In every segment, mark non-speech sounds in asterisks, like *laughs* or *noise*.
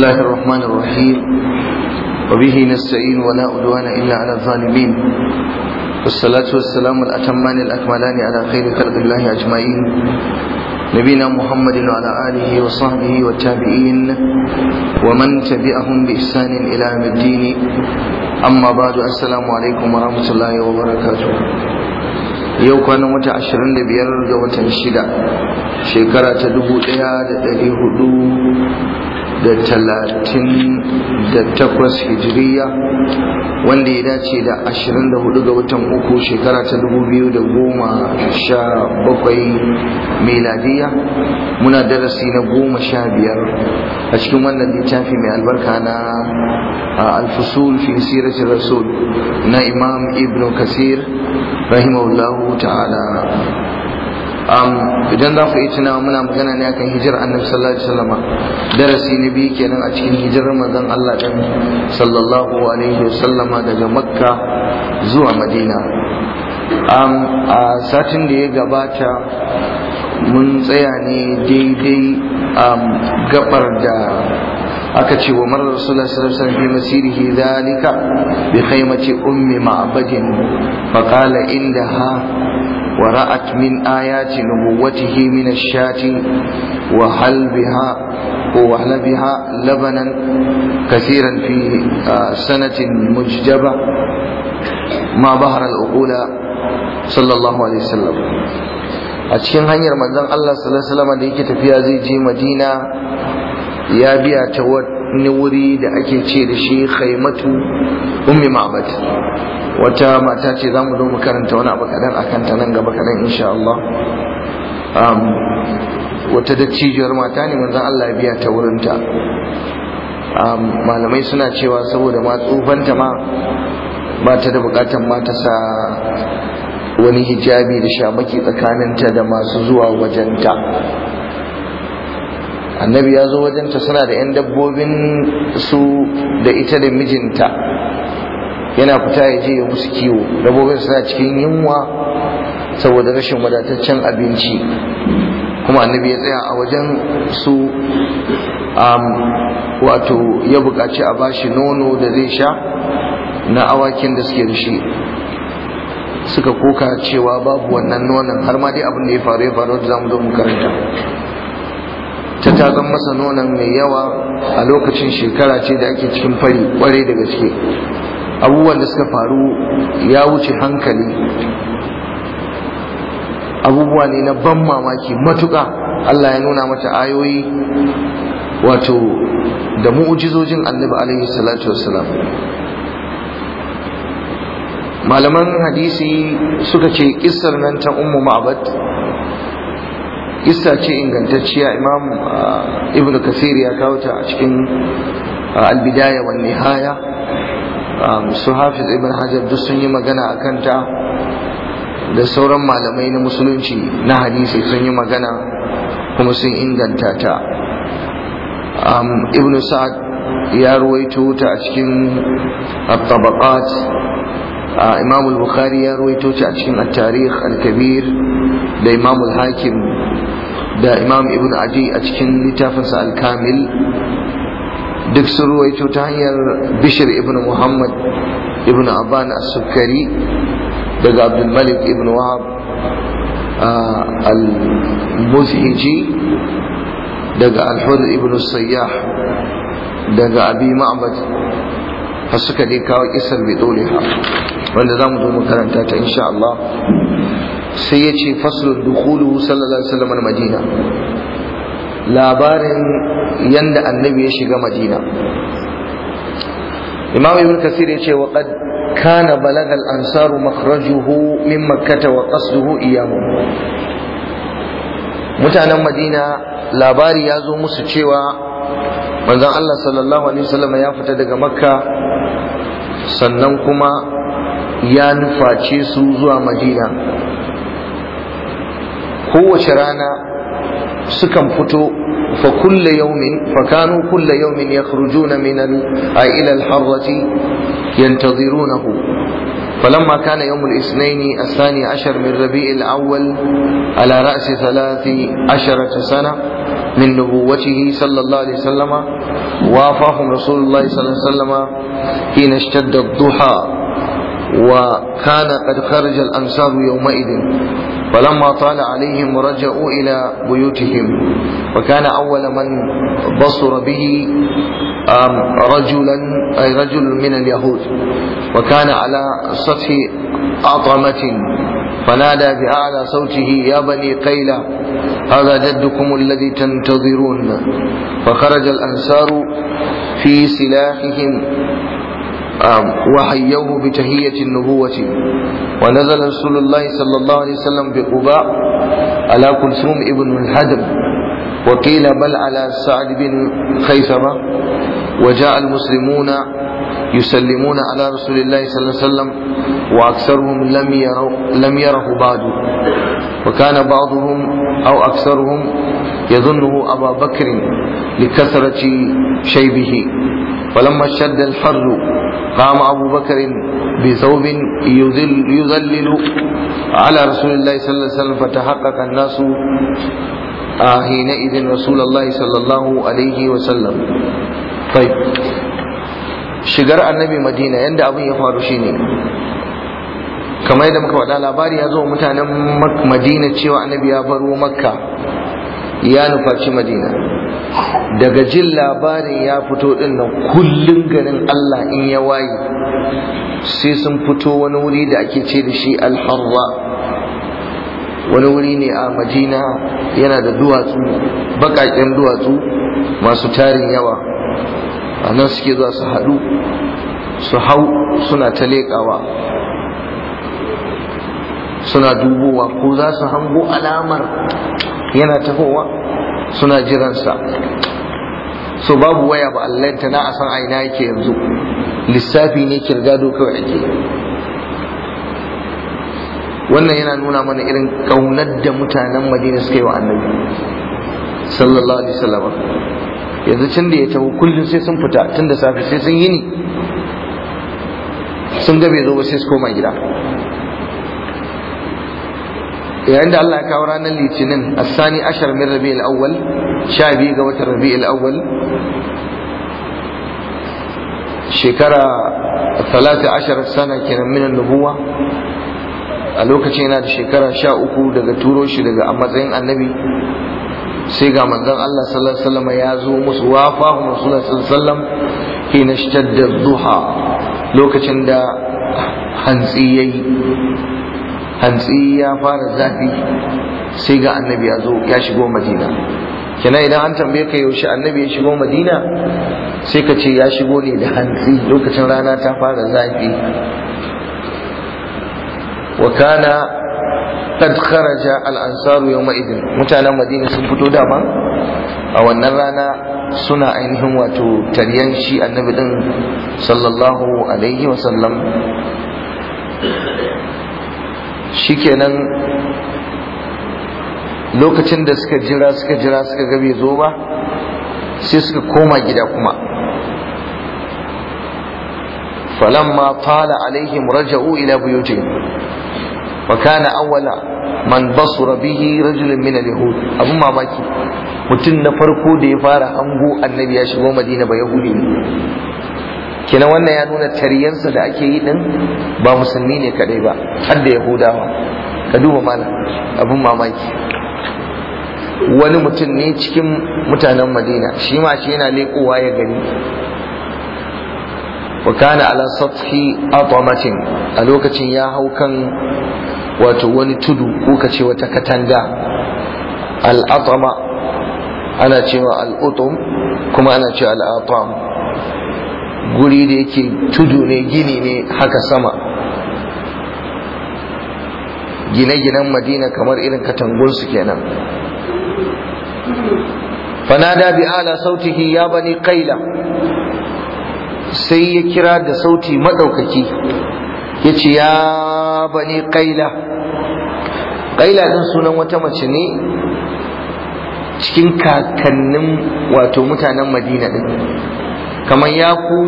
الله الرحمن الرحيم وبه نستعين ولا عدوان إلا على الظالمين والصلاة والسلام الأتمان الأكملان على خير خلق الله أجمعين نبينا محمد وعلى آله وصحبه والتابعين ومن تبعهم بإحسان إلى يوم الدين أما بعد السلام عليكم ورحمة الله وبركاته yau kwanan wata 25 ga watan 6 shekara ta 1400 da talatin da takwas hijiriya wanda ya dace da ashirin da hudu ga watan uku shekara ta dubu biyu da goma sha bakwai meladiya muna darasi na goma sha biyar a cikin wannan littafi mai albarka na alfusul fi siratin rasul na imam ibn kasir rahimahullahu ta'ala idan za ku yi tunawa muna magana ne akan hijira annabi sallallahu alaihi wasallam darasi na biyu kenan a cikin hijirar manzon Allah dan sallallahu alaihi wasallama daga makka zuwa madina a satin da ya gabata mun tsaya ne daidai gabar da aka ce wa marar rasulullah sallallahu alaihi wasallam masirihi zalika bi khaymati ummi ma'badin fa qala indaha wa ra'at min ayati nubuwwatihi min ash-shati wa hal biha wa hal biha labanan kaseeran fi ah, sanatin mujjaba ma bahara al-uqula sallallahu alaihi wasallam a cikin hanyar manzon Allah sallallahu alaihi wasallam da yake tafiya zai je Madina ya biya ta wani wuri da ake ce da shi khaimatu ummi ma'bad wata mata ce za mu zo mu karanta wani abu kadan akan ta nan gaba kaɗan, insha Allah wata dattijiyar mata ne manzan Allah ya biya ta wurinta malamai suna cewa saboda ma tsufanta ma ba ta da bukatan matasa sa wani hijabi da shamaki tsakaninta da masu zuwa wajenta annabi ya zo wajenta suna da 'yan dabbobin su da ita da mijinta yana fita ya je ya musu kiwo dabbobin suna cikin yunwa saboda rashin wadataccen abinci kuma annabi ya tsaya a wajen su wato ya buƙaci a bashi nono da zai sha na awakin da suke da suka koka cewa babu wannan nonon har ma dai abin da ya faru ya faru da zamu zo mu karanta ta tatsan masa nonon mai yawa a lokacin shekara ce da ake cikin fari kwarai da gaske abubuwan da suka faru ya wuce hankali abubuwa ne na ban mamaki matuƙa Allah ya nuna mata ayoyi wato da mu'ujizojin annabi alaihi salatu wassalam malaman hadisi suka ce kissar nan ta ummu ma'bad kissa ce ingantacciya imam uh, ibn kasir ya kawo ta a cikin uh, albidaya wa nihaya um, su hafiz ibn hajar duk sun yi magana a kanta da sauran malamai na musulunci na hadisi sun yi magana kuma sun inganta ta um, ibn sa'ad ya ruwaito ta a cikin tabaqat uh, imam al-bukhari ya ruwaito ta a cikin at-tarikh al-kabir da imam al-hakim da imam ibn adi a cikin littafinsa al-kamil duk sun ruwaito ta hanyar bishir ibn muhammad ibn abban as-sukkari daga abdulmalik ibn wahab al-muzhiji daga al-hud ibn sayyah daga abi ma'bad har suka dai kawo kisar bidoliha wanda za mu zo mu karanta ta insha Allah sai ya ce faslun dukulu sallallahu alaihi wasallam madina labarin yanda annabi ya shiga madina imam ibn kasir ya ce wa qad kana balaga al ansaru makhrajuhu min makkah wa qasduhu iyyahu mutanen madina labari ya zo musu cewa manzon Allah sallallahu alaihi wasallam ya fita daga makka sannan kuma ya nuface su zuwa madina هو rana سكم فتو فكل يوم فكانوا كل يوم يخرجون من ال... إلى الحرة ينتظرونه فلما كان يوم الاثنين الثاني عشر من ربيع الأول على رأس ثلاث عشرة سنة من نبوته صلى الله عليه وسلم وافاهم رسول الله صلى الله عليه وسلم حين اشتد الضحى وكان قد خرج الأنصار يومئذ فلما طال عليهم رجعوا إلى بيوتهم وكان أول من بصر به رجلا أي رجل من اليهود وكان على سطح أطمة فنادى بأعلى صوته يا بني قيلة هذا جدكم الذي تنتظرون فخرج الأنصار في سلاحهم وحيوه بتهية النبوة ونزل رسول الله صلى الله عليه وسلم بقباء على كلثوم ابن الهدم وقيل بل على سعد بن خيثمة وجاء المسلمون يسلمون على رسول الله صلى الله عليه وسلم وأكثرهم لم يروا لم يره بعد وكان بعضهم أو أكثرهم يظنه أبا بكر لكثرة شيبه فلما اشتد الحر قام أبو بكر بثوب يذل, يذلل على رسول الله صلى الله عليه وسلم فتحقق الناس حينئذ رسول الله صلى الله عليه وسلم طيب shigar annabi madina yadda abun ya faru shine kamar yadda muka faɗa labari ya zo mutanen madina cewa annabi ya baro makka ya nufaci madina daga jin labarin ya fito din nan kullun garin Allah in ya waye sai sun fito wani wuri da ake ce da shi al-harra wani wuri ne a Madina yana da duwatsu bakaken duwatsu masu tarin yawa a nan suke zuwa su haɗu su hau suna ta leƙawa suna dubowa ko za su hango alamar yana tafowa suna jiransa so babu waya ba ta na a san aina yake yanzu lissafi ne kirgado doka ake wannan yana nuna mana irin kaunar da mutanen madina suka yi wa annabi sallallahu alaihi wasallam yanzu can da ya taho kullum sai sun fita tun da safe sai sun yini sun ga bai zo ba sai su koma gida yayin da Allah ya kawo ranar litinin asani ashar min al awwal sha biyu ga watan al awwal shekara talata ashar sana kenan min nubuwa a lokacin yana da shekara sha uku daga turo shi daga a matsayin annabi sai ga manzon Allah sallallahu alaihi wasallam ya zo musu wafahu rasulullah sallallahu alaihi wasallam hina shaddad duha lokacin da hantsi yayi hantsi ya fara zafi sai ga annabi ya zo ya shigo madina kina idan an tambaye ka yaushe annabi ya shigo madina sai ka ce ya shigo ne da hantsi lokacin rana ta fara zafi wa kana qad kharaja al ansaru yawma idin mutanen madina sun fito dama a wannan rana suna ainihin wato taryan shi annabi din sallallahu alaihi wa sallam shikenan lokacin da suka jira suka jira suka ga bai zo ba sai suka koma gida kuma falamma tala alaihim raja'u ila buyuti wa kana awwala man basura bihi rajulun min al-yahud abun mamaki mutum na farko da ya fara hango annabi ya shigo madina ba yahudi ne Kina wannan ya nuna taryensa da ake yi din ba musulmi ne kadai ba har da yahudawa ka duba mana abin mamaki wani mutum ne cikin mutanen madina shi ma shi yana leƙowa ya gani wa kana ala sathi atamatin a lokacin ya hau kan wato wani tudu ko kace wata katanga al atama ana cewa al utum kuma ana cewa al atam guri da yake tudu ne gini ne haka sama gine-ginen madina kamar irin katangun katangunsu kenan fanada bi ala sautihi ya bani kaila sai ya kira da sauti maɗaukaki ya ce ya bani kaila kaila din sunan wata mace ne cikin kakannin wato mutanen madina din. kamar ya ku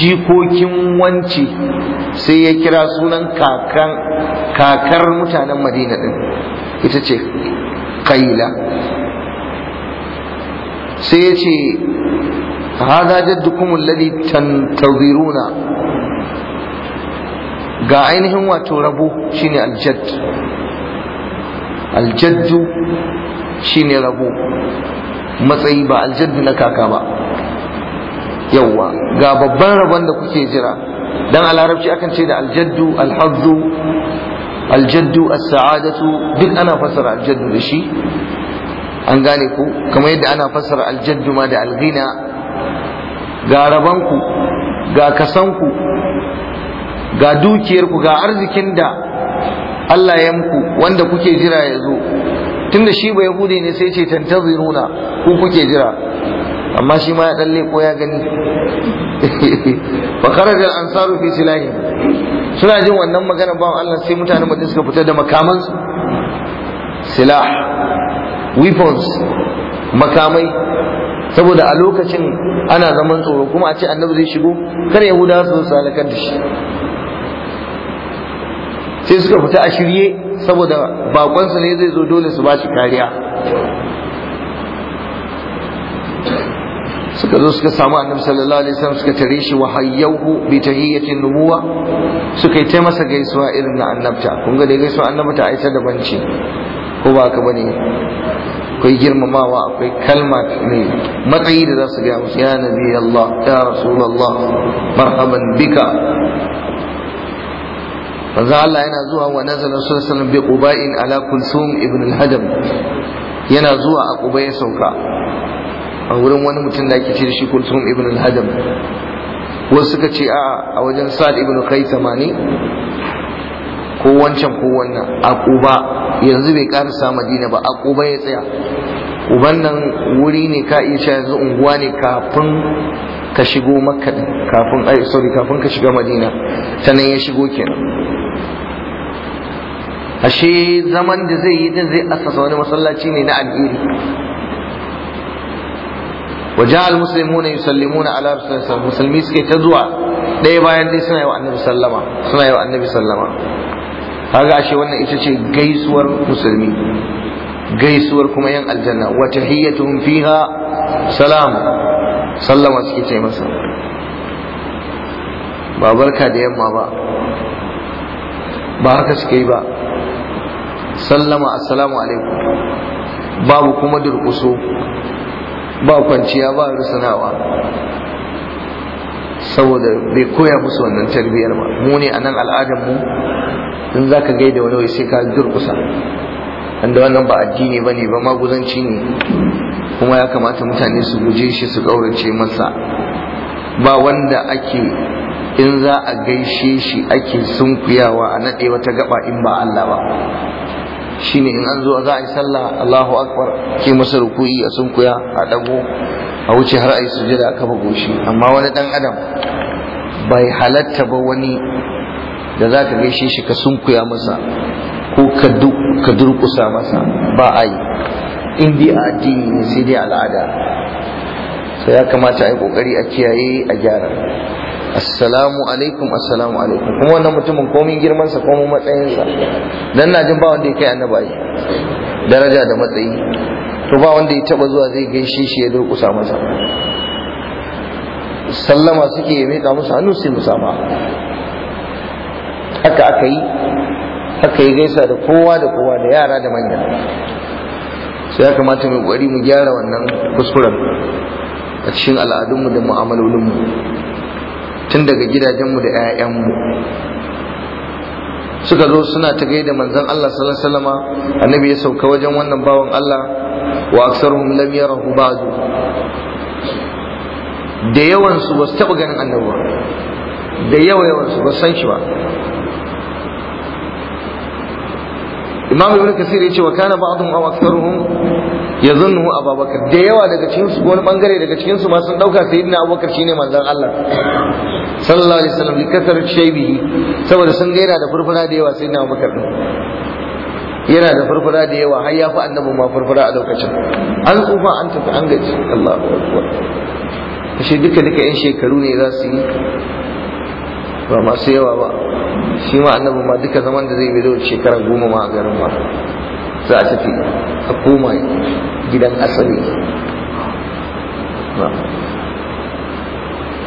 jikokin wanci sai ya kira sunan kakar mutanen madina din ita ce kaila sai ya ce hada jaddukum alladhi tantaziruna ga ainihin wato rabo shine aljadd aljaddu shine rabo matsayi ba aljaddu na kaka ba yawwa ga babban rabon da kuke jira dan a larabci akan ce da aljaddu alhazzu aljaddu as-sa'adatu duk ana fassara aljaddu da shi an gane ku kamar yadda ana fassara aljaddu ma da alghina ga rabanku ga kasanku ga dukiyarku ga arzikin da Allah ya muku wanda kuke jira ya zo tunda shi ba yahudi ne sai ce tantaziruna ku kuke jira amma shi ma ya dan leko ya gani fa kharaja al ansaru fi silahi suna jin wannan magana ba Allah sai mutanen Madina suka fita da makaman su silah weapons makamai saboda a lokacin ana zaman tsoro kuma a ce annabi zai shigo kar yahudawa su su halakar da shi sai suka fita a shirye saboda su ne zai zo dole su ba shi kariya suka zo suka samu annabi sallallahu alaihi wasallam suka tare shi wa hayyahu bi tahiyyatin nubuwa suka yi ta masa gaisuwa irin na annabta kun ga dai gaisuwa annabta ai ta daban ce ko ba ka bane akwai girmamawa akwai kalma mai matsayi da za su gaya musu ya nabi Allah ya rasulullah marhaban bika manzo Allah yana zuwa wa nazala sallallahu alaihi bi quba'in ala kulsum ibn al-hadam yana zuwa a quba ya sauka a wurin wani mutum da ake ce da shi kulsum ibn al-hadam wasu suka ce a a wajen sa'ad ibn khaisama ne ko wancan ko wannan a kuba yanzu bai karasa madina ba a kuba ya tsaya uban nan wuri ne ka iya cewa yanzu unguwa ne kafin ka shigo makka kafin ai sorry kafin ka shiga madina sanan ya shigo kenan ashe zaman da zai yi din zai asasa wani masallaci ne na al'iri wa ja'al muslimuna yusallimuna ala rasulillahi musulmi suke ta zuwa ɗaya bayan dai suna yi wa annabi sallama suna yi ashe wannan ita ce gaisuwar musulmi gaisuwar kuma yan aljanna wa tahiyyatuhum fiha salam sallama suke ce ba barka da yamma ba ba haka suke yi ba sallama assalamu alaikum babu kuma durƙuso ba kwanciya ba rusunawa saboda bai koya musu wannan tarbiyyar ba mu ne a nan al'adar mu in za ka gaida wani wai sai ka durkusa wanda wannan ba addini ba ne ba maguzanci ne kuma ya kamata mutane su guje shi su kaurace masa ba wanda ake in za a gaishe shi ake sunkuyawa a naɗe wata gaba in ba Allah ba shine in an zo za a yi sallah Allahu akbar ke masa ruku'i a sunkuya a dago a wuce har a yi sujada a kafa goshi amma wani dan adam bai halatta ba wani da za ka gaishe shi ka sunkuya masa ko ka durkusa masa ba a yi in dai a addini ne sai dai al'ada sai ya kamata a yi kokari a kiyaye a gyara assalamu alaikum assalamu alaikum kuma wannan mutumin komin girmansa komin matsayinsa dan na jin ba wanda ya kai annabi daraja da matsayi to ba wanda ya taba zuwa zai gaishe shi ya durƙusa masa sallama suke mai miƙa musu hannu sai musama haka aka yi haka yi gaisa da kowa da kowa da yara da manya sai ya kamata mu ƙwari mu gyara wannan kuskuren a cikin al'adunmu da mu'amalolinmu tun daga gidajenmu da 'ya'yanmu suka zo suna ta gaida manzon Allah sallallahu alaihi wasallama annabi ya sauka wajen wannan bawan Allah wa aksaruhum lam yarahu ba'du da yawan su ba su taba ganin annabi ba da yawa yawan su ba san shi ba Imam Ibn Kasir ya ce wa kana ba'dhum aw aktharuhum yadhunnu abubakar da yawa daga cikin su wani bangare daga cikin su ma sun dauka sayyidina Abu shine manzon Allah sallallahu alaihi wasallam likasar shaybihi saboda sun gaira da furfura da yawa sai na Abubakar yana da furfura da yawa har ya fi annabi ma furfura a lokacin an tsufa an tafi an gaji Allahu akbar shi duka duka yan shekaru ne za su yi ba masu yawa ba shi ma annabi ma duka zaman da zai bido da shekara goma ma a garin ma za a tafi a koma gidan asali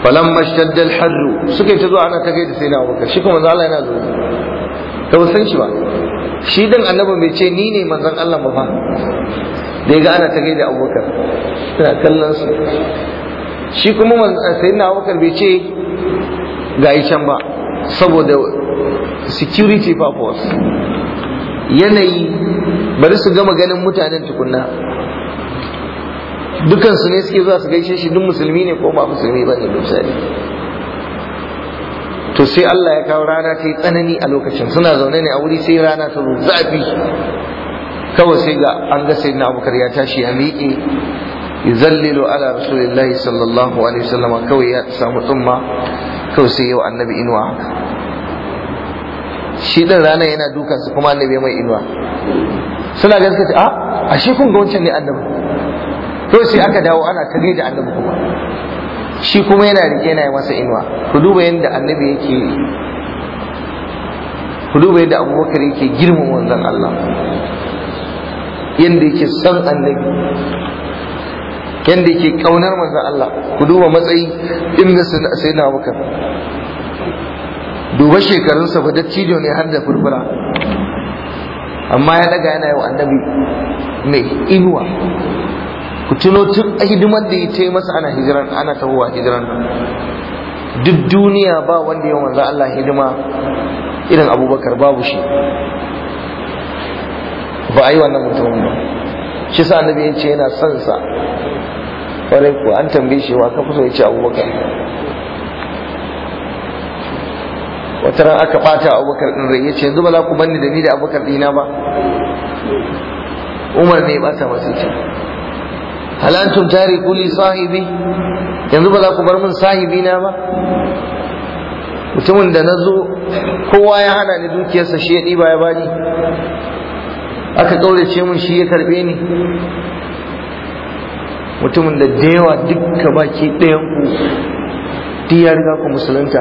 falan mashaddal al-harru suka ta zuwa ana ta gaida sai na abubakar shi kuma manzo yana zuwa ta ba san shi ba shi dan annabi bai ce ni ne manzon Allah ba fa da ga ana ta gaida abubakar suna kallon su shi kuma eh, na abubakar bai ce ga can ba saboda security purpose yanayi bari su gama ganin mutanen tukunna dukansu ne suke zuwa su gaishe shi duk musulmi ne ko ba musulmi ba ne misali to sai Allah ya kawo rana ta yi tsanani a lokacin suna zaune ne a wuri sai rana ta zo zafi kawai sai ga an ga sai na abubakar ya tashi ya miƙe yuzallilu ala rasulillahi sallallahu alaihi wasallam kawai ya samu tsumma kawai sai yau annabi inuwa haka shi din rana yana dukansu kuma annabi mai inuwa suna gaskata a ah, ashe kun ga wancan ne annabi to sai aka dawo ana ta da annabi kuma shi kuma yana rike yana masa inuwa ku duba yadda annabi yake ku duba yadda abubakar yake girman wannan Allah yadda yake son annabi yadda yake kaunar manzan Allah ku duba matsayi inda sai na abubakar duba shekarunsa fa dattijo ne har da furfura amma ya daga yana yi wa annabi mai inuwa ku tuno tun hidimar da ya ce masa ana hijiran ana tahowa hijiran duk duniya ba wanda ya manzo Allah hidima irin abubakar babu shi ba a yi wannan mutumin ba shi sa annabi ya ce yana son sa kwarai ko an tambaye shi wa kafa fito ya ce abubakar wata ran aka bata abubakar din rai ce yanzu ba za ku banni da ni da abubakar dina ba umar ne ya bata masu ce hal antum kuli li sahibi yanzu ba za ku bar min sahibi na ba mutumin da na zo kowa ya hana ni dukiyarsa shi ya ɗiba ya bani aka ƙaurace min shi ya karɓe ni mutumin da da yawa dukka baki ɗayan ku duk ya riga ku musulunta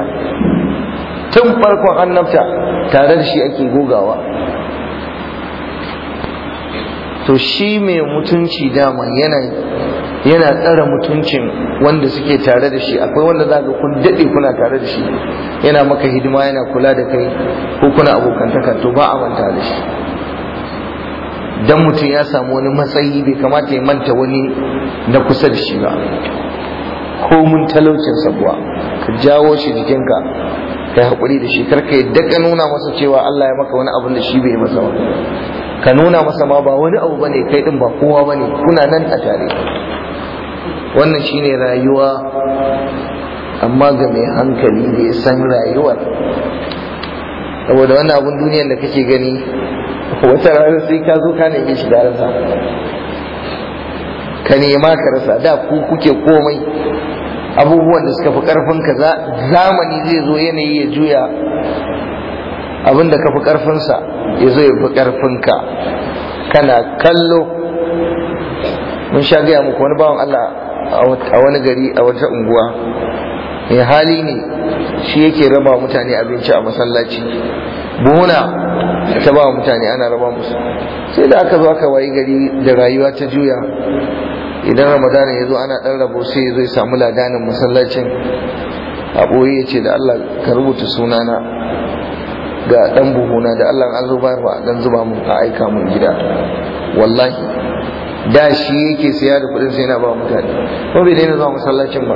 tun farkon annabta tare da shi ake gogawa to shi mai mutunci dama yana yana tsara mutuncin wanda suke tare da shi akwai wanda za kun daɗe kuna tare da shi yana maka hidima yana kula da kai ko kuna abokantaka to ba a manta da shi dan mutum ya samu wani matsayi bai kamata ya manta wani na kusa da shi ba ko mun talaucin sabuwa ka jawo shi jikinka ka hakuri da shi karka ya ka nuna masa cewa Allah ya maka wani abin da shi bai masa ba ka nuna masa ma ba wani abu bane kai din ba kowa bane kuna nan a tare wannan shine rayuwa amma ga mai hankali da ya san rayuwar saboda wannan abun duniyar da kake gani wata rana sai ka zo ka nemi shi da rasa ka nema ka rasa da ku kuke komai abubuwan da suka fi karfin ka zamani zai zo yanayi ya juya abin da ka fi ƙarfinsa ya zo ya fi ƙarfinka kana kallo mun sha gaya muku wani bawan Allah a wani gari a wata unguwa mai hali ne shi yake raba mutane abinci a masallaci buhuna ta ba mutane ana raba musu sai da aka zo aka wayi gari da rayuwa ta juya idan ramadana ya zo ana ɗan rabo sai ya samu ladanin masallacin a ya ce da Allah ka rubuta sunana ga dan buhuna da Allah an zo bayarwa dan zuba mun a aika mun gida wallahi da shi yake siya da kudin sai na ba mutane ko bai daina zuwa masallacin ba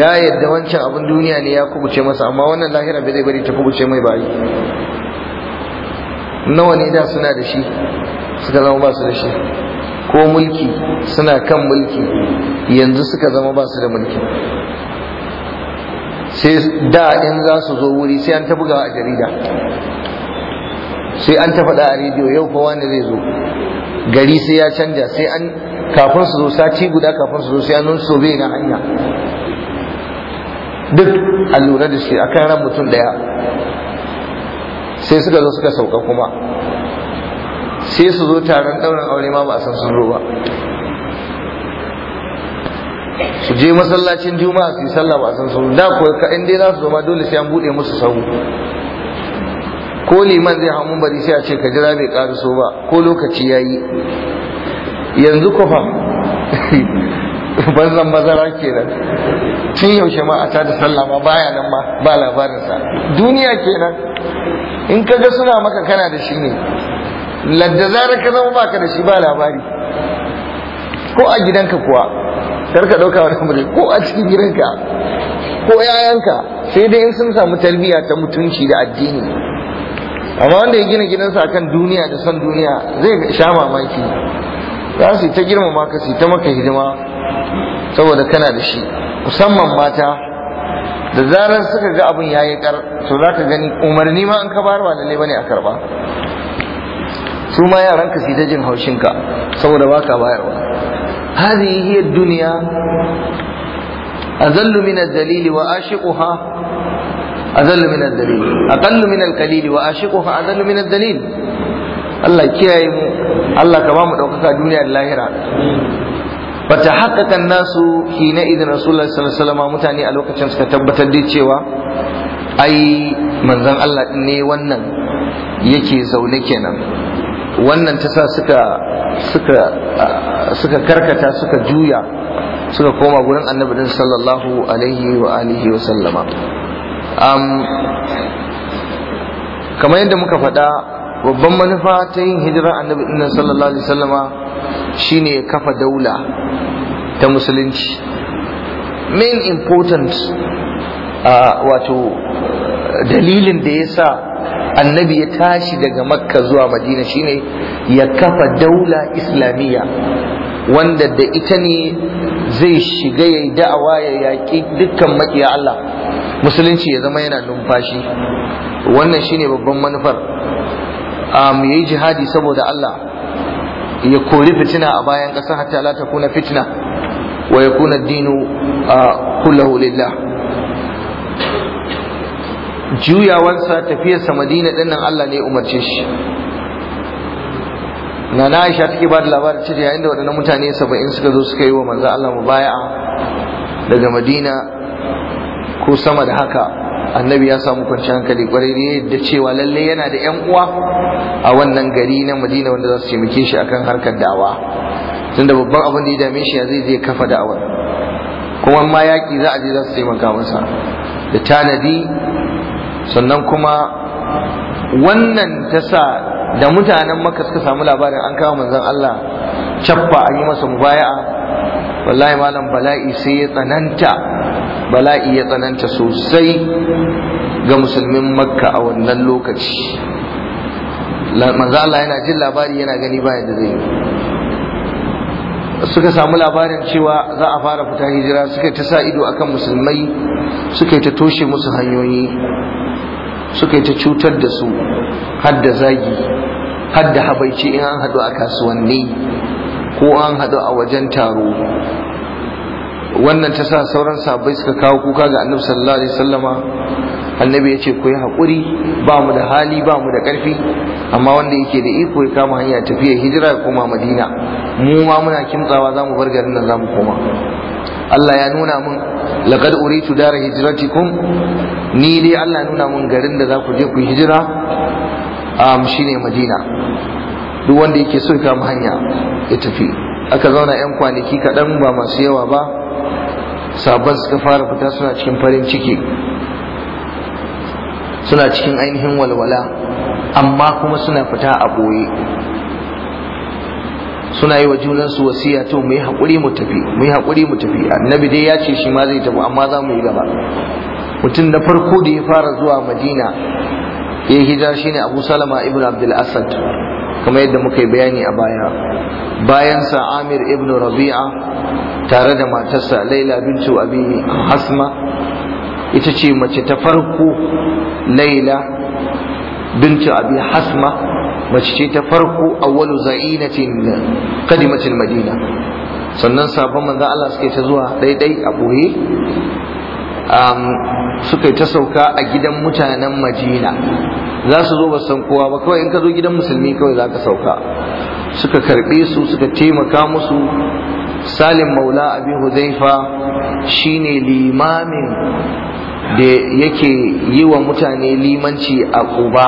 ya yadda wancan abin duniya ne ya kubuce masa amma wannan lahira bai zai bari ta kubuce mai bayi nawa ne da suna da shi suka zama ba su da shi ko mulki suna kan mulki yanzu suka zama ba su da mulki sai da in za su zo wuri sai an ta gawa a jarida sai an ta faɗa a rediyo yau kowa ne zai zo gari sai ya canja sai an kafin su zo sati guda kafin su zo sai an nun so bai na hanya duk lura da shi a kan ran mutum daya sai suka zo suka sauka kuma sai su zo taron ɗaurin aure ma ba a san sun zo ba su je masallacin juma'a su yi sallah ba san su da ko ka inda za su zama dole sai an bude musu sahu ko liman zai mun bari sai a ce ka jira bai so ba ko lokaci yayi yanzu ku fa *laughs* banzan mazara kenan tun yaushe ma a ta da sallah ma baya nan ma ba labarinsa duniya kenan in ka ga suna maka kana da shi ne ladda zarar ka zama baka da shi ba labari ko a gidanka kuwa kar ka ɗauka wani abu ko a cikin gidanka ko yayanka sai dai in sun samu tarbiyya ta mutunci da addini amma wanda ya gina gidansa akan duniya da son duniya zai sha mamaki za su ta girmama ka su ta maka hidima saboda kana da shi musamman mata da zarar suka ga abin yayi kar to za ka gani umarni ma an ka bayar ba lalle bane a karba su ma yaran ka su ta jin haushin ka saboda baka bayarwa هذه هي الدنيا أذل من الذليل وأعشقها أذل من الذليل أقل من القليل وأعشقها أذل من الذليل الله كيائم الله كمام دوكك دنيا اللاهرة فتحقق الناس حينئذ رسول الله صلى الله عليه وسلم متاني ألوك شمس كتبت دي cewa ai manzon Allah ne wannan yake zaune kenan wannan ta sa suka suka suka karkata suka juya suka koma gurin annabin sallallahu alaihi wa alihi wa sallama um, kamar yadda muka faɗa babban manufa ta yin hijira annabin sallallahu alaihi wa sallama shine kafa daula ta musulunci main important uh, wato dalilin da ya sa annabi ya tashi daga makka zuwa madina shine ya kafa daula islamiyya wanda da ita ne zai shiga ya yi da'awa ya yaƙi dukkan maƙiya Allah musulunci ya zama yana numfashi wannan shine babban manufar um, ya yi jihadi saboda Allah ya kori fitina a bayan ƙasa hatta ta kuna fitina. wa yakuna dinu uh, kullahu lillah juyawansa tafiyarsa madina din nan Allah ne umarce shi na na aisha take ba da labarin cewa yayin da waɗannan mutane saba'in suka zo suka yi wa manzo Allah mu baya. daga madina ko sama da haka annabi ya samu kwanciyar hankali kwarai ne da cewa lalle yana da yan uwa a wannan gari na madina wanda za su taimake shi akan harkar da'awa tunda babban abin da ya dame shi ya zai je kafa da'awar kuma ma yaƙi za a je za su taimaka masa da tanadi sannan kuma wannan ta sa da mutanen maka suka samu labarin an kawo manzon Allah cappa a yi masa mubaya'a wallahi malam bala'i sai ya tsananta bala'i ya tsananta sosai ga musulmin makka a wannan lokaci manzo Allah yana jin labari yana gani bayan da zai yi. suka samu labarin cewa za a fara fita hijira suka ta sa ido akan musulmai suka ta toshe musu hanyoyi suka ta cutar da su hadda zagi hadda habaici in an haɗu a kasuwanni ko an haɗu a wajen taro wannan ta sa sauran sabai suka kawo kuka ga annabi sallallahu alaihi wasallama annabi ya ce ku yi haƙuri ba mu da hali ba mu da ƙarfi amma wanda yake da iko ya kama hanya tafiya hijira ya koma madina mu ma muna kimtsawa za mu bar garin nan za mu koma Allah ya nuna mun laqad uritu dara hijratikum ni dai Allah nuna mun garin da za ku je ku hijira am shine madina duk wanda yake so ya kama hanya ya tafi aka zauna 'yan kwanaki kaɗan ba masu yawa ba sabon suka fara fita suna cikin farin ciki suna cikin ainihin walwala amma kuma suna fita a ɓoye suna yi wa junansu wasiya to mu yi haƙuri mu tafi mu yi mu tafi annabi dai ya ce shi ma zai tafi amma za mu yi gaba mutum na farko da ya fara zuwa madina ya hijira shine abu salama ibn abdul asad kamar yadda muka yi bayani a baya bayan sa amir ibn rabi'a tare da matarsa laila bintu abi hasma ita ce mace ta farko laila bintu abi hasma mace ce ta farko awwalu za'inatin kadimatin madina sannan sabon manzo Allah suka ta zuwa daidai a boye suka ta sauka a gidan mutanen madina za su zo ba san kowa ba kawai in ka zo gidan musulmi kawai za ka sauka suka karbe su suka taimaka musu salim maula abi huzaifa shine limamin da yake yi wa mutane limanci a kuba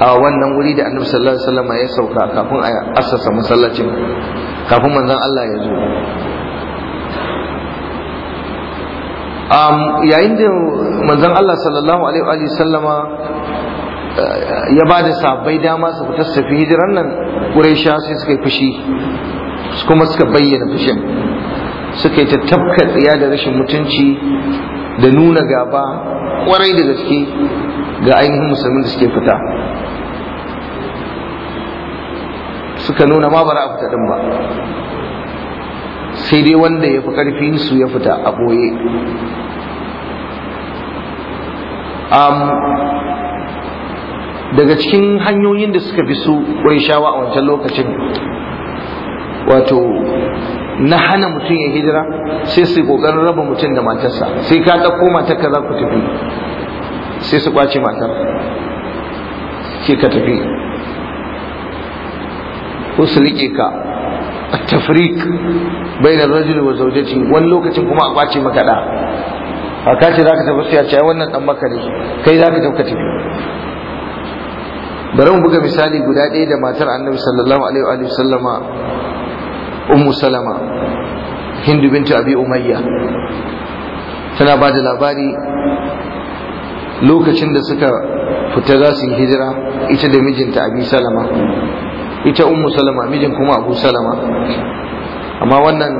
a wannan wuri da annabi sallallahu alaihi wasallam ya sauka kafin a assasa masallacin kafin manzon Allah ya zo yayin da manzon Allah sallallahu alaihi sallama eh, ya ba da dama su fita su fi hijiran nan Quraisha sai suka yi fushi kuma suka bayyana fushin suka yi ta tsiya da rashin mutunci da nuna gaba kwarai da gaske ga ainihin musulmin da suke fita suka nuna ma ba a fita din ba sai dai wanda ya fi ƙarfin su ya fita a ɓoye daga cikin hanyoyin da suka fi su shawa a wancan lokacin wato na hana mutum ya hijira sai su kokarin raba mutum da matarsa sai ka ɗauko matar ka za ku tafi sai su kwace matar sai ka tafi ko su riƙe ka a tafrik bai da rajul wa zaujaci wani lokacin kuma a kwace maka ɗa a kace za ka tafi su ya ce wannan ɗan maka ne kai za ka tafi tafi bari mu buga misali guda ɗaya da matar annabi sallallahu alaihi wa sallama ummu salama hindu bintu abi umayya tana ba da labari lokacin da suka fita za su hijira ita da mijinta abi salama ita ummu salama mijin kuma abu salama amma wannan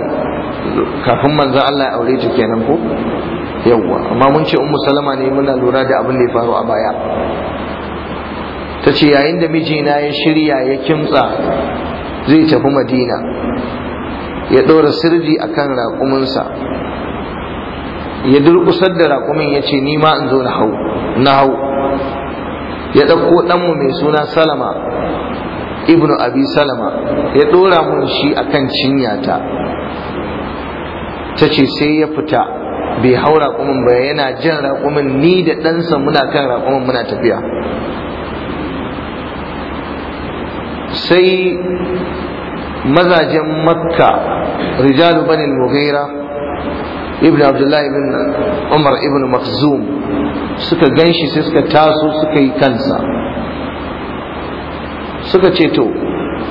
kafin manzan Allah ya aure ta kenan ko yawwa amma mun ce ummu salama ne muna lura da abin da ya faru a baya ta ce yayin da mijina ya shirya ya kimtsa zai tafi madina ya ɗora sirdi a kan raƙuminsa ya durƙusar da raƙumin ya ce ni ma in zo na hau ya ɗauko ɗanmu mai suna salama ibnu abi salama ya ɗora mun shi a kan cinyata ta ce sai ya fita bai hau raƙumin ba yana jan raƙumin ni da ɗansa muna kan raƙumin muna tafiya sai mazajen makka rijalu bani mughira ibn abdullahi bin umar ibn makhzum suka ganshi sai suka taso suka yi kansa suka ce to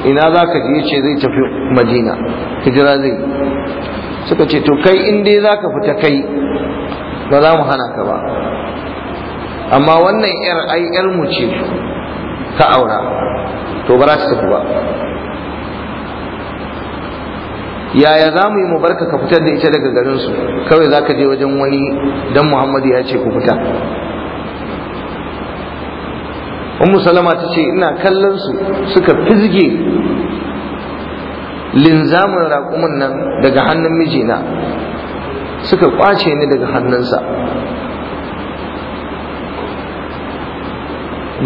ina za ka je ce zai tafi madina hijira zai suka ce to kai in dai za ka fita kai ba za mu hana ka ba amma wannan yar ai yar mu ce ka aura to ba za tafi ba yaya za mu yi mu barka ka fitar da ita daga garin su kawai za ka je wajen wani dan muhammadu ya ce ku fita ummu salama ta ce ina kallon su suka fizge linzamin raƙumin nan daga hannun mijina suka kwace ni daga hannunsa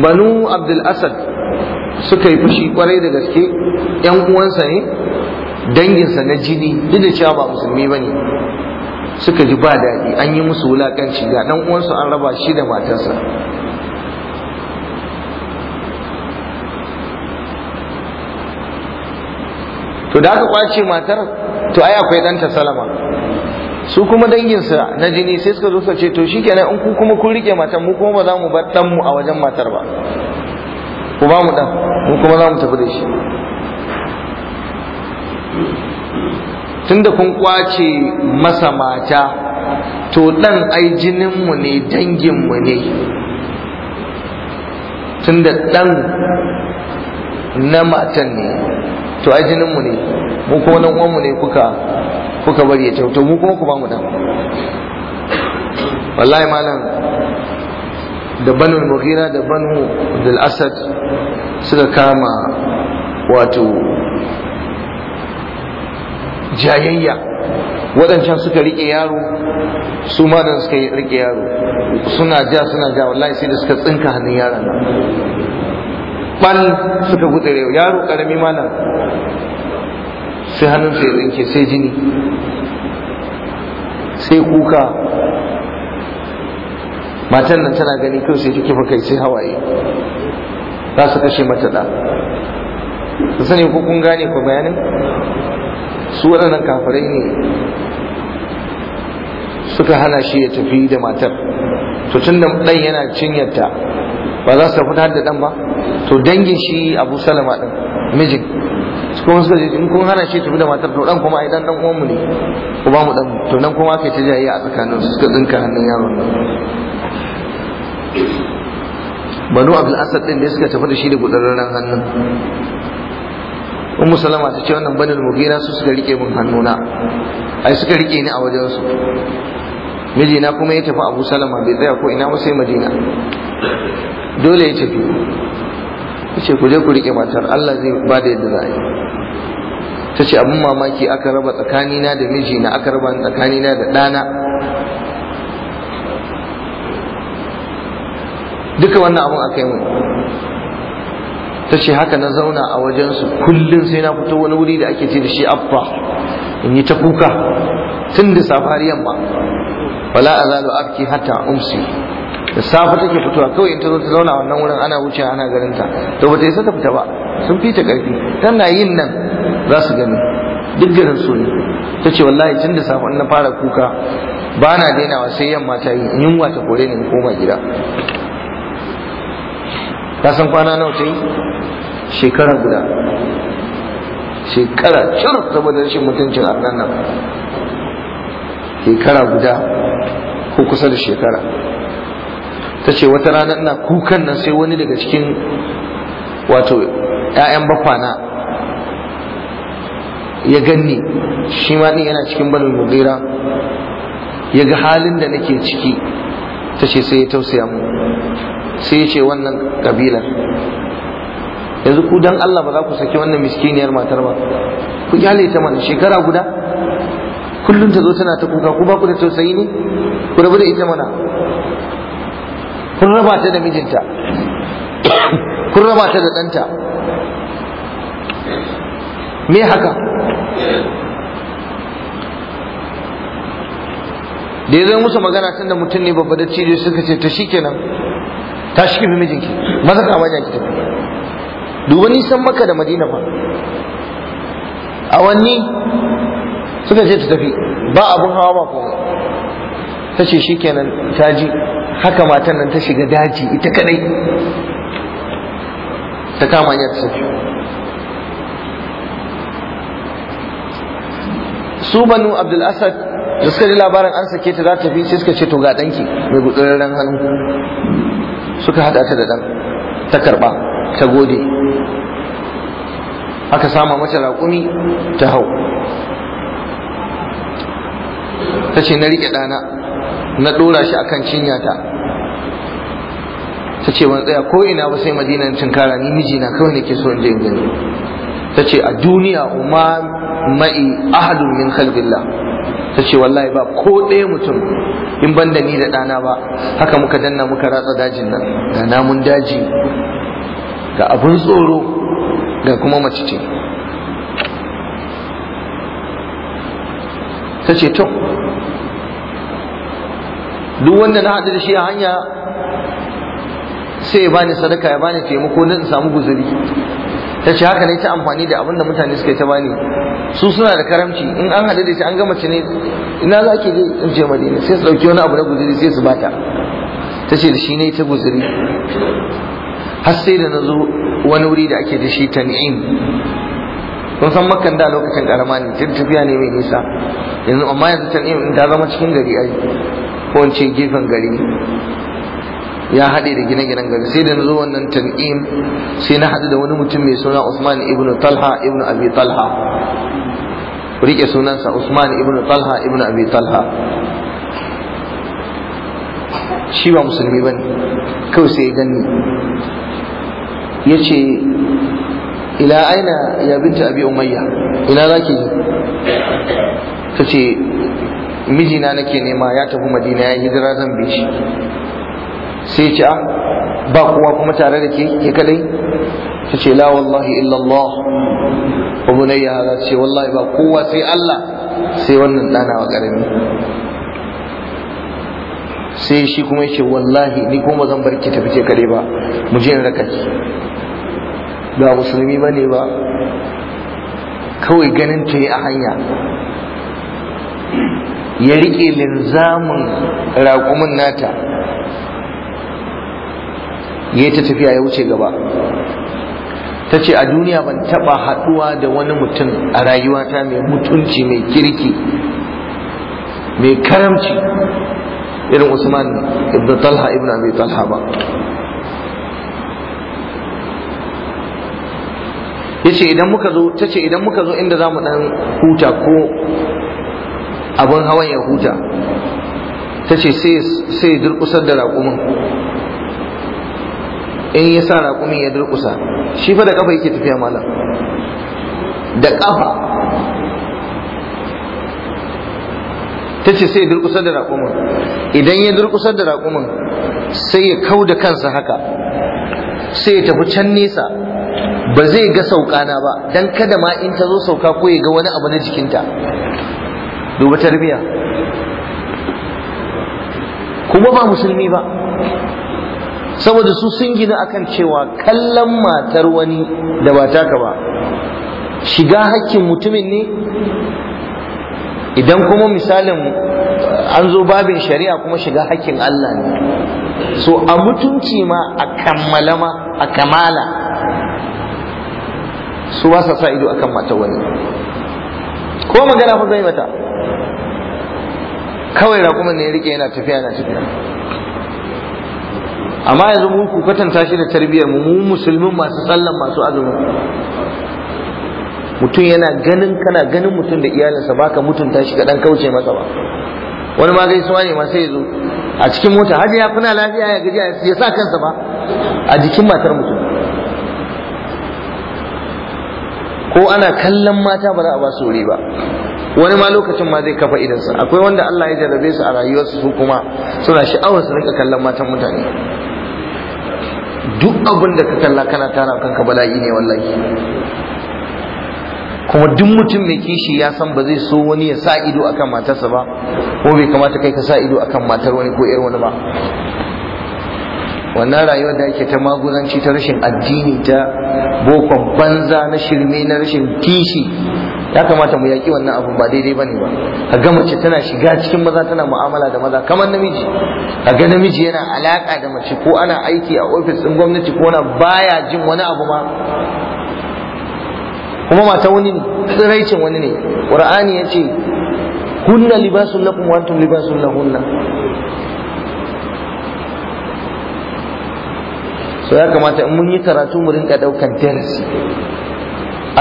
banu abdul asad suka yi fushi kwarai da gaske yan uwansa ne danginsa na jini duk da cewa ba musulmi bane suka ji ba daɗi an yi musu wulakanci ga ɗan uwansu an raba shi da matarsa to da aka kwace matar to ai akwai ɗanta salama su kuma danginsa na jini sai suka zo su ce to shikenan in ku kuma kun rike matar mu kuma ba za mu bar ɗanmu a wajen matar ba ku ba mu ɗan mu kuma za mu tafi da shi tunda kun kwace masa mata to ɗan ai jininmu ne danginmu ne tunda ɗan na matan ne to ai jininmu ne mu ko nan uwanmu ne kuka kuka bari ya to mu kuma ku ba mu dan wallahi malam da banu mughira da banu abdul asad suka kama wato jayayya waɗancan suka riƙe yaro su ma da suka riƙe yaro suna ja suna ja wallahi sai da suka tsinka hannun yaron bal suka gutsire yaro karami nan sai hannun sai tsinke sai jini sai kuka matan nan tana gani kyau sai take kai sai hawaye za su kashe mata da sani ko kun gane ku bayanin su waɗannan kafirai ne suka hana shi ya tafi da matar to tun da ɗan yana cinyarta ba za su tafi da ɗan ba to dangin shi abu salama ɗin mijin kuma suka je in kun hana shi tafi da matar to ɗan kuma ai ɗan ɗan uwanmu ne ku ba mu ɗan to nan kuma aka yi ta yi a tsakanin su suka tsinka hannun yaron nan banu abdul asad ɗin da suka tafi da shi da gudanar hannun Umu salama ta ce wannan banil mugira su suka rike mun hannuna ai suka rike ni a wajen su mijina kuma ya tafi abu salama bai tsaya ko ina sai madina dole ya tafi ta ce ku je ku rike matar allah zai ba da yadda za a yi ta ce abin mamaki aka raba tsakanina da mijina aka raba tsakanina da ɗana duka wannan abin aka yi mun ta ce haka na zauna a wajensu kullum sai na fito wani wuri da ake ce da shi abba in yi ta kuka tun da safar yamma wala azalu abki hatta umsi da safe take fitowa kawai in ta zo ta zauna wannan wurin ana wuce ana garinta, ta to ba ta yi ta fita ba sun fita karfi tana yin nan za su gani duk garin su ne ta ce wallahi tun da safa na fara kuka ba na dainawa sai yamma ta yi yunwa ta kore ne in koma gida ka san kwana nawa ta yi shekara guda shekara cur saboda rashin mutuncin arnan nan shekara guda ko kusa da shekara ta ce wata rana ina kukan nan sai wani daga cikin wato 'ya'yan bakwana ya ganni shi ma ɗin yana cikin banin mugera ya ga halin da nake ciki ta ce sai ya tausaya mu sai ya ce wannan kabilar yanzu ku dan Allah ba za ku saki wannan miskiniyar matar ba ku kyale ta mana shekara guda kullum ta zo tana ta kuka ku ba ku da tausayi ne ku rabu da ita mana kun raba ta da mijinta *coughs* kun raba ta da ɗanta me haka da ya zai musu magana tun da mutum ne babba da cijo suka ce ta shi kenan Ta shi ki mijinki maza ka wajen ki tafi duba nisan maka da madina fa wani suka ce ta tafi ba abin hawa ba kuma ta ce shi kenan ta ji haka matan nan ta shiga daji ita kadai ta kama hanyar ta tafi su banu abdul asad da suka ji labarin an sake ta za ta fi sai suka ce to ga danki mai gudunar hannu suka haɗa ta da ɗan ta karɓa ta gode aka sama mata raƙumi ta hau ta ce na riƙe ɗana na ɗora shi akan cinyata ta ce ban tsaya ko ina ba sai madina tunkara ni mijina kawai nake so in je gani ta ce a duniya umar ma'i ahadun min khalqillah ta ce wallahi ba ko ɗaya mutum in ban da ni da ɗana ba haka muka danna muka ratsa dajin nan ga namun daji ga abin tsoro ga kuma mace ta ce to duk wanda na haɗu da shi a hanya sai ya bani sadaka ya bani taimako na in samu guzuri ta ce haka ne ta amfani da abin da mutane suka yi ta bani su suna da karamci in an haɗu da shi an gama ne ina za ke je in ce madina sai su ɗauki wani abu na guziri sai su bata ta ce da shi ne ta guziri har sai da na zo wani wuri da ake da shi tan'im kun san makkan da lokacin karama ne tun tafiya ne mai nisa yanzu amma yanzu tan'im ta zama cikin gari ai ko in ce gefen gari ya haɗe da gine-ginen gari sai da na zo wannan tanƙim, sai na haɗu da wani mutum mai suna Usman ibn Talha ibn Abi Talha rike sunansa Usman ibn Talha ibn Abi Talha shi ba musulmi ba ne kawai sai gani ya ce ila aina ya binta abi umayya ina za ki ta ce mijina nake nema ya tafi madina ya hijira zan bi shi sai ce ah, ba kowa kuma tare da ke ke kadai ta ce la wallahi illallah wa bunayya hada ce wallahi ba kowa sai Allah sai wannan dana wa karami sai shi kuma yace wallahi ni kuma zan bar ki tafi ke kadai ba mu je raka ba musulmi bane ba kawai ganin ta yi a hanya ya rike linzamin raƙumin nata ya ta tafiya ya wuce gaba ta ce a duniya ban taɓa haduwa da wani mutum a rayuwata mai mutunci mai kirki mai karamci irin usman ibn talha ibn abi talha ba yace idan muka zo tace idan muka zo inda zamu dan huta ko abin hawan ya huta tace sai sai durkusar da raƙumin in eh, ya sa raƙumin ya durƙusa shi fa da ƙafa yake tafiya malam da ƙafa ta ce sai ya durƙusar da raƙumin idan ya durƙusar da raƙumin sai ya kau da kansa haka sai ya tafi can nesa ba zai ga saukana ba don kada ma in ta zo sauka ko ya ga wani abu na jikinta duba tarbiya kuma ba musulmi ba saboda su sun gina akan cewa kallon matar wani da ba taka ba shiga hakkin mutumin ne idan kuma misalin uh, an zo babin shari'a kuma shiga hakkin Allah ne so a mutunci ma a kammala ma a kamala su ba sa sa ido akan matar wani ko magana fa zai mata kawai raƙumin ne ya rike yana tafiya yana tafiya amma yanzu mu ku kwatanta shi da tarbiyyar mu mu musulmin masu sallan masu azumi mutum yana ganin kana ganin mutum da iyalinsa baka mutunta shi ka dan kauce masa ba wani ma gaisuwa ne ma sai zo a cikin mota hajji ya kuna lafiya ya gaji ya sa kansa ba a jikin matar mutum ko ana kallon mata ba za a ba su wuri ba wani ma lokacin ma zai kafa idansa akwai wanda Allah ya jarrabe su a rayuwarsu su kuma suna sha'awar su rinka kallon matan mutane duk abin da ka kalla kana tara kanka bala'i ne wallahi kuma duk mutum mai kishi ya san ba zai so wani ya sa ido akan matarsa ba ko bai kamata kai ka sa ido akan matar wani ko 'yar wani ba wannan rayuwar da yake ta magudanci ta rashin addini ta bokon banza na shirme na rashin kishi ya kamata mu yaki wannan abu ba daidai bane ba a ga mace tana shiga cikin maza tana mu'amala da maza kamar namiji a ga namiji yana alaka da mace ko ana aiki a ofis din gwamnati ko na baya jin wani abu ma kuma mata wani tsiraicin wani ne qur'ani yace kunna libasun lakum wa antum libasun lahunna so ya kamata in mun yi karatu mu rinka daukan darasi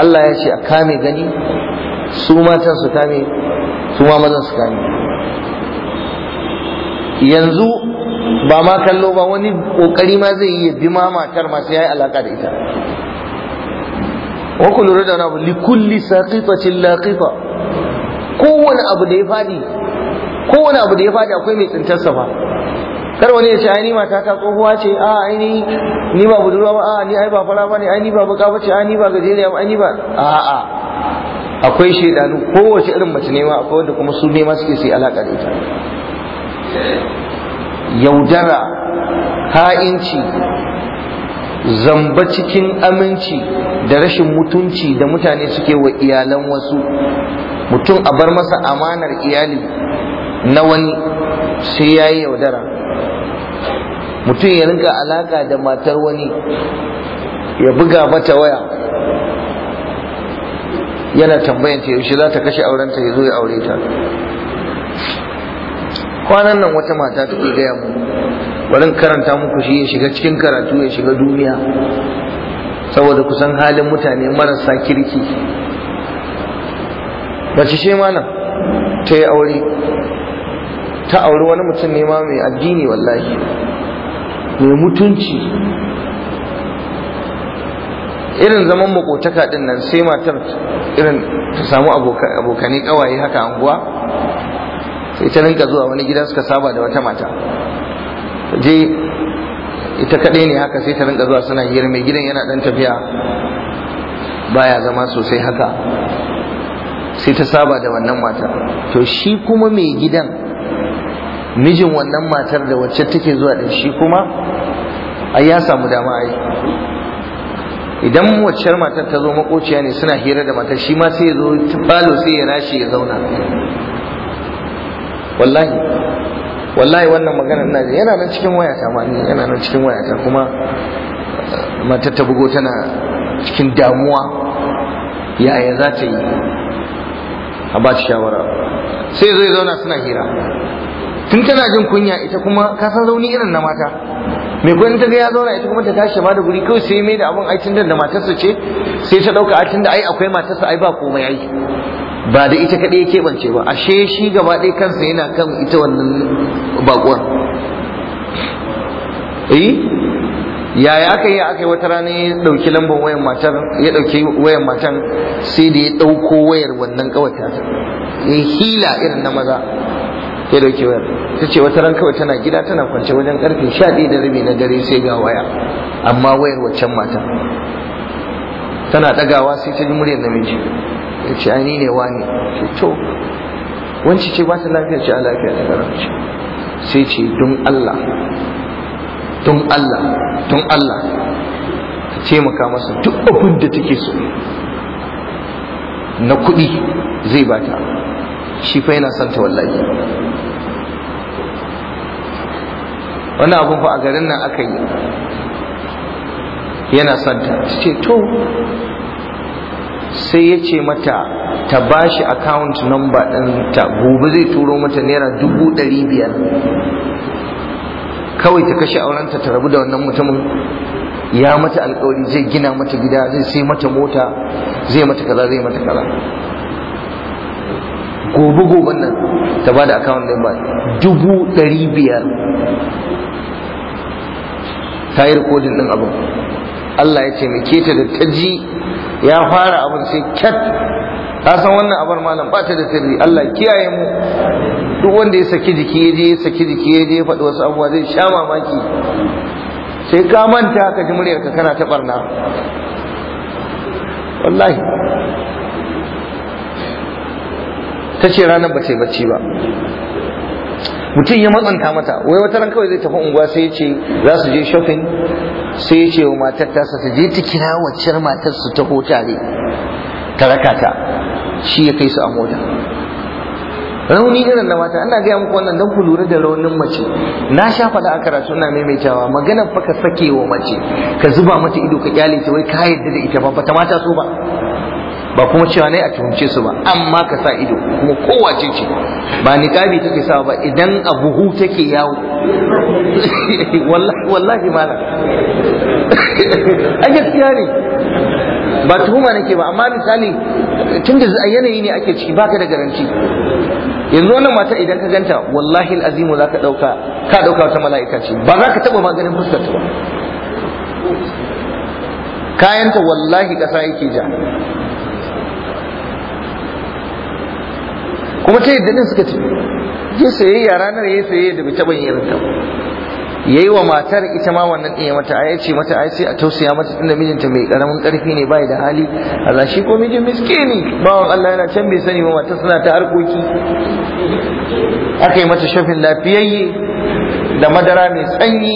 Allah ya ce a kame gani su matan su kame su ma mazan su kame yanzu ba ma kallo ba wani kokari ma zai yi bi ma matar ma sai ya yi alaka da ita wa kullu lura abu li kulli saqifatin laqifa kowane abu da ya fadi kowane abu da ya fadi akwai mai tsintarsa fa kar wani ya ce ai ni mata ta tsohuwa ce a ai ni ni ba budurwa ba a ni ai ba fara ne ai ni ba buka bace a ni ba gajeriya ba ai ni ba a a akwai shedanu kowace irin mace ne ma akwai wanda kuma su ne ma suke sai alaka da ita yaudara ha'inci zamba cikin aminci da rashin mutunci da mutane suke wa iyalan wasu mutum a bar masa amanar iyali na wani sai ya yi yaudara mutum ya rinka alaka da matar wani ya buga mata waya yana tambayan ta yaushe za ta kashe aurenta ya zo ya aure ta kwanan nan wata mata take gaya mu barin karanta muku shi ya shiga cikin karatu ya shiga duniya saboda kusan halin mutane marasa kirki ci shema nan ta yi aure ta auri wani mutum ne ma mai addini wallahi mai mutunci irin zaman makotaka din nan sai matar irin ta samu abokanai kawaye haka anguwa sai ta rinka zuwa wani gida suka saba da wata mata je ita kadai ne haka sai ta rinka zuwa suna hira mai gidan yana ɗan tafiya baya zama sosai haka sai ta saba da wannan mata to shi kuma mai gidan mijin wannan matar da wacce take zuwa da shi kuma ai ya samu dama ai idan waccar matar ta zo makociya ne suna hira da matar shi ma sai ya zo falo sai ya rashi ya zauna wallahi wallahi wannan maganar na yana nan cikin wayata ma ni yana nan cikin wayata kuma eh, matar ta bugo tana cikin damuwa yaya za ta yi a ba shawara sai zo ya zauna suna hira tun tana jin kunya ita kuma ka san rauni irin na mata mai kuwa ta ga ya zauna ita kuma ta tashi ba da guri kawai sai mai da abin aikin da matarsa ce sai ta dauka aikin da ai akwai matarsa ai ba komai ai ba da ita kaɗai ya keɓance ba ashe shi gaba ɗaya kansa yana kan ita wannan bakuwar eh yaya aka yi aka yi wata rana ya ɗauki lambar wayan matar ya ɗauki wayan matan sai da ya ɗauko wayar wannan ƙawata ya eh, hila irin na maza ya dauke wayar ta ce wata ran kawai tana gida tana kwance wajen karfe sha ɗaya da rabi na dare sai ga waya amma wayar waccan mata tana ɗagawa sai ta ji muryar namiji ya ce 'Ani ne wani ce to Wancan ce ba ta lafiya ce a lafiya da ce sai ce don Allah don Allah don Allah ta taimaka masa duk abin da take so na kuɗi zai bata shi fa yana son wallahi wannan abun fa a garin nan aka yi yana son ce to sai ya ce mata ta ba shi account number ɗin ta gobe zai turo mata naira dubu ɗari biyar kawai ta kashe aurenta ta rabu da wannan mutumin ya mata alkawari zai gina mata gida zai sai mata mota zai mata kaza zai mata kaza gobe goben nan ta ba da account number dubu ɗari biyar ta yi rikodin ɗin abin Allah ya taimake ta da ta ya fara abin sai kyat ta san wannan abar malam ba ta da sirri Allah kiyaye mu duk wanda ya saki jiki ya je ya saki jiki ya je ya faɗi wasu abubuwa zai sha mamaki sai ka manta ka ji muryarka kana ta barna wallahi ta ce ranar ba ta bacci ba mutum ya matsanta mata wai wata ran kawai zai tafi unguwa sai ya ce za su je shopping sai ya ce wa matar ta ta je ta kira waccar matar su ta tare ta raka ta shi ya kai su a mota rauni irin na mata ana gaya muku wannan don ku lura da raunin mace na sha faɗa a karatu na maimaitawa maganar fa ka sake wa mace ka zuba mata ido ka kyale ta wai ka yadda da ita ba ta mata so ba ba kuma cewa ne a tuhumce su ba amma ka sa ido kuma kowace ce ba niqabi take sa ba idan abuhu buhu take yawo *laughs* wallahi wallahi mala *laughs* a gaskiya ne ba tuhuma nake ba amma misali tun da yanayi ne ake ciki baka da garanti yanzu wannan mata idan ka ganta wallahi azimu zaka dauka ka dauka wata mala'ika ce ba za ka taba maganin fuskar ba kayanta wallahi kasa yake ja kuma ta yadda din suka ce je sayayya ranar ya sayayya da bai taɓa yin ta ya yi wa matar ita ma wannan iya mata a ce mata a sai a tausaya mata tunda mijinta mai karamin karfi ne bai da hali Allah shi ko mijin miskini bawan Allah yana can bai sani ba matar suna ta harkoki aka yi mata shafin lafiyayye da madara mai tsanyi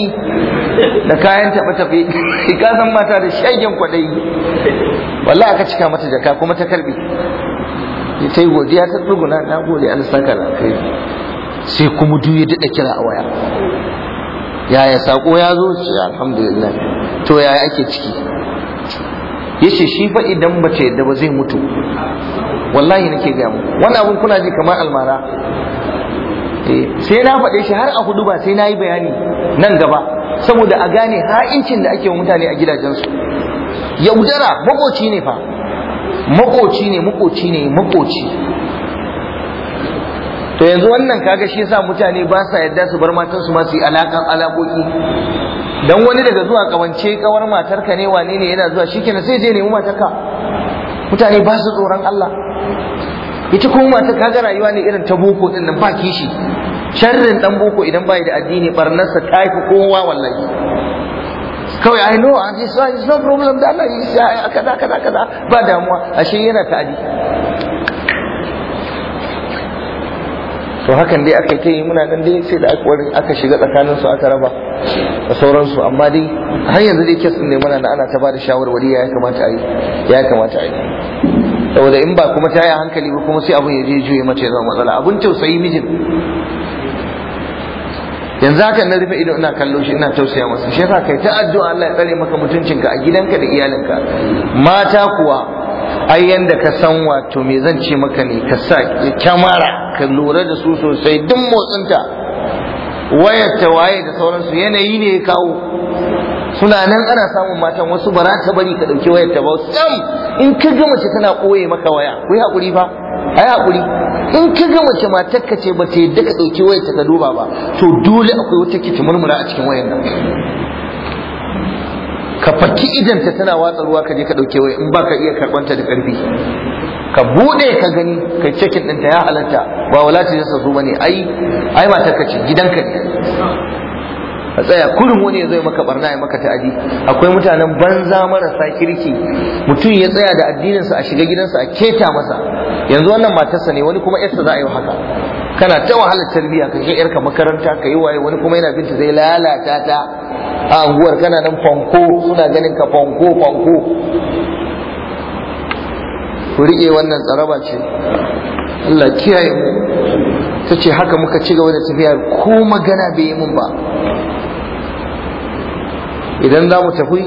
da kayan taɓa tafe, *laughs* ka san mata da shagen kwaɗayi wallahi aka cika mata jaka kuma ta karbe ya ta yi godiya ta tsuguna na gode an saka na kai sai kuma duk ya daɗa kira a waya yaya sako ya zo ce alhamdulillah to yaya ake ciki ya ce shi fa idan ba ta yadda ba zai mutu wallahi nake gaya mu wani abun kuna ji kamar almara eh, sai na faɗe shi har a hudu ba sai na yi bayani nan gaba saboda a gane ha'incin da ake wa mutane a gidajensu yaudara makoci ne fa makoci ne makoci ne makoci to yanzu wannan kaga shi yasa mutane ba sa yadda su bar matan su ma su yi alakan alaƙoƙi, dan wani daga zuwa kawance kawar matarka ne wane ne yana zuwa shikenan sai je nemi matarka mutane ba su tsoron Allah ita kuma matar kaga rayuwa ne irin ta boko din nan ba kishi sharrin dan boko idan bai da addini barnarsa ta fi kowa wallahi kawai I know an isa it's no problem da Allah isa kada kada kada ba damuwa ashe yana tadi to hakan dai aka ta muna nan dai sai da aka shiga tsakanin su aka raba da sauransu amma dai har yanzu dai kesin ne mana da ana ta bada shawarwari ya kamata ai yi ya kamata ai saboda in ba kuma ta yi hankali ba kuma sai abun ya je juye mace zama matsala abun tausayi mijin yanzu haka na rufe ido ina kallo shi ina tausaya masa shi yasa kai ta addu'a Allah ya tsare maka mutuncinka a gidanka da iyalinka mata kuwa ai yanda ka san wato me zan ce maka ne ka sa kyamara ka lura da su sosai duk motsinta wayar ta waye da sauransu yanayi ne ya kawo suna nan ana samun matan wasu ba ta bari ka ɗauki wayar ta ba sam in ka ga mace tana ɓoye maka waya ku yi haƙuri fa a yi in ka ga mace matar ka ce ba ta yadda ka ɗauki wayar ta ka duba ba to dole akwai wata kici murmura a cikin wayar nan ka faki ta tana watsa ruwa ka je ka ɗauke wayar in ba ka iya karɓanta da ƙarfi ka buɗe ka gani kai cikin ɗinta ya halatta ba wala ce ta zo bane ai ai matar ka ce gidanka ne a tsaya kurin wani zai maka barna ya maka ta'adi akwai mutanen banza marasa kirki mutum ya tsaya da addininsa a shiga gidansa a keta masa yanzu wannan matarsa ne wani kuma yarsa za a yi haka kana ta wahalar tarbiya ka kai yarka makaranta ka yi waye wani kuma yana binta zai lalata ta a anguwar kana nan fanko suna ganin ka fanko fanko ku wannan tsaraba ce Allah kiyaye mu ta ce haka muka ci gaba da tafiya ko magana bai yi mun ba idan za mu tafi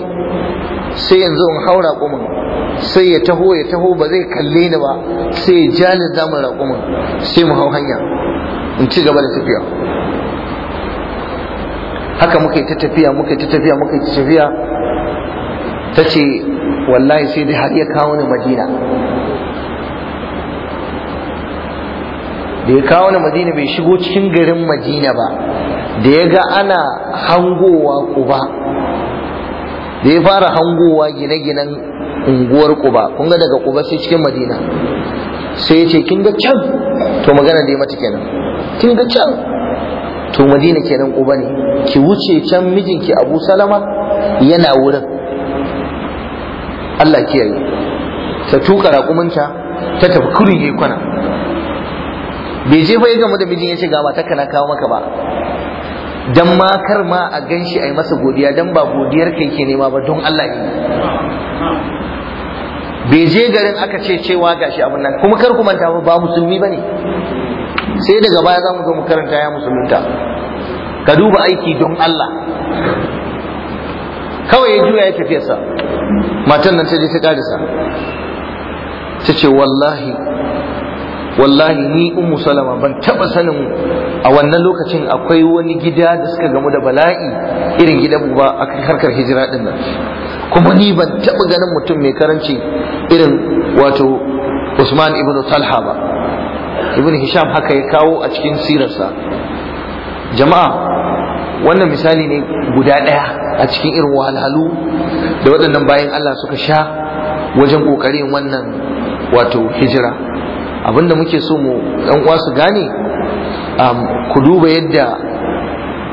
sai yanzu in hau kuma sai ya taho ya taho ba zai kalle ni ba sai ya jani mu raƙumin sai mu hau hanya in ci gaba da tafiya haka muka yi ta tafiya muka yi ta tafiya muka yi ta tafiya ta ce wallahi sai dai har ya kawo ni madina da ya kawo ni madina bai shigo cikin garin madina ba da ya ga ana hangowa ku ba. da ya fara hangowa gine-ginen unguwar kuba kun ga daga kuba sai cikin madina sai ya ce kin ga can to magana da ya mata kenan kin ga can to madina kenan kuba ne ki wuce can mijinki abu salama yana wurin allah kiyaye ta tuka raƙumanta ta tafi kurin yi kwana bai je fa ya gamu da mijin ya ce ga ta kana kawo maka ba dan ma kar ma a gan shi a yi masa godiya dan ba godiyar kai ke nema ba don Allah ne bai je garin aka ce cewa gashi abin nan kuma kar ku manta ba musulmi bane sai daga baya za mu zo mu karanta ya musulunta ka duba aiki don Allah kawai ya juya ya tafiyarsa matan nan ta je ta karisa ta ce wallahi wallahi ni ummu salama ban taba sanin a wannan lokacin akwai wani gida da suka gamu da bala'i irin gidan ba a harkar hijira din nan kuma ni ban taɓa ganin mutum mai karanci irin wato Usman ibn Talha ba ibn Hisham haka ya kawo a cikin sirarsa jama'a wannan misali ne guda ɗaya a cikin irin wahalhalu da waɗannan bayan Allah suka sha wajen ƙoƙarin wannan wato hijira abinda muke so mu ɗan uwa su gane Um, ku duba yadda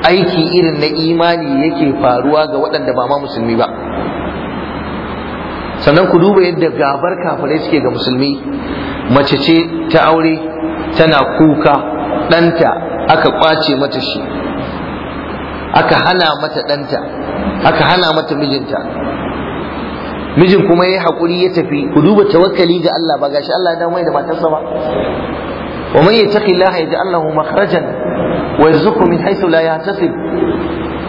aiki irin na imani yake faruwa ga waɗanda ba ma musulmi ba sannan ku duba yadda gabar kafirai suke ga musulmi mace ce ta aure tana kuka ɗanta aka ƙwace mata shi aka hana mata ɗanta aka hana mata mijinta mijin kuma ya yi haƙuri ya tafi ku duba tawakkali ga Allah ba gashi Allah ya mai da matarsa ba ومن يتق الله يجعل له مخرجا ويرزقه من حيث لا يحتسب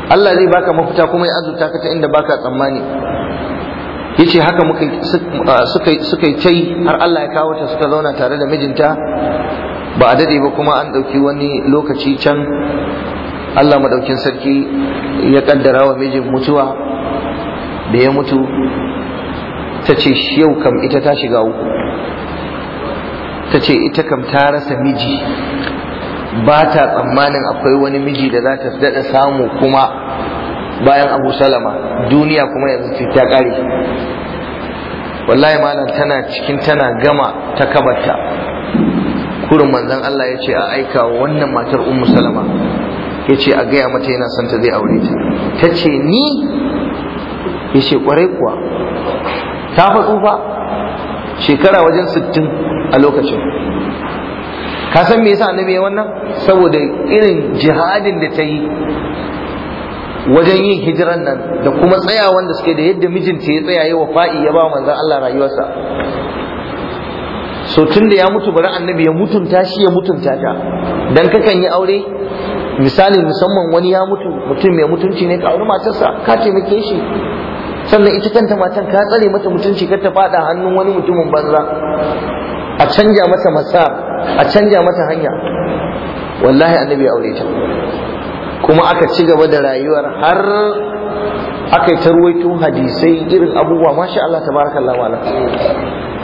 Allah zai baka mafita kuma ya azurta ka ta inda baka tsammani yace haka muka suka suka tai har Allah ya kawo ta suka zauna tare da mijinta ba a dade ba kuma an dauki wani lokaci can Allah madaukin sarki ya kaddara wa mijin mutuwa da ya mutu ta ce yau kam ita ta shiga uku ta ce ita kam ta rasa miji ba ta tsammanin akwai wani miji da za ta daɗa samu kuma bayan abu salama duniya kuma yanzu ce ta kare. wallahi malam tana cikin tana gama ta kabarta kurin manzon Allah ya ce a aika wannan matar ummu salama ya ce a gaya mata yana son ta zai aure ta ta ce ni ya ce kwarai kuwa ta faɗu fa shekara wajen sittin a lokacin ka san me yasa annabi ya wannan saboda irin jihadin da ta yi wajen yin hijiran nan da kuma tsayawan da suke da yadda mijinta ya tsaya wa fa'i ya ba manzon Allah rayuwarsa so tun da ya mutu bari annabi ya mutunta shi ya mutunta ta dan kakan yi aure misali musamman wani ya mutu mutum mai mutunci ne ka auri matarsa ka taimake shi sannan ita kanta matan ka tsare mata mutunci ka ta fada hannun wani mutumin banza a canja mata masa a canja mata hanya wallahi annabi ya aure ta kuma aka ci gaba da rayuwar har aka yi tarwaito hadisai irin abubuwa masha Allah tabarakallah wala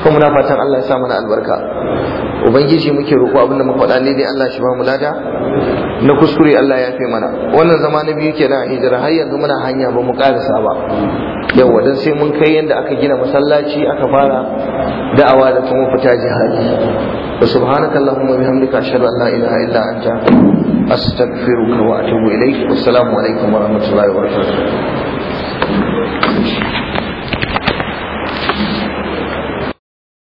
kuma muna fatan Allah ya sa mana albarka ubangiji muke roƙo abinda muka faɗa ne dai Allah shi ba mu lada na kuskure Allah ya fi mana wannan zama na biyu kenan a hijira har yanzu muna hanya ba mu ƙarisa ba yawa don sai mun kai yadda aka gina masallaci aka fara da'awa da kuma fita jihadi wa subhanaka allahumma bihamdika ashhadu an la ilaha illa anta astaghfiruka wa atubu ilaik assalamu alaikum wa rahmatullahi wa barakatuh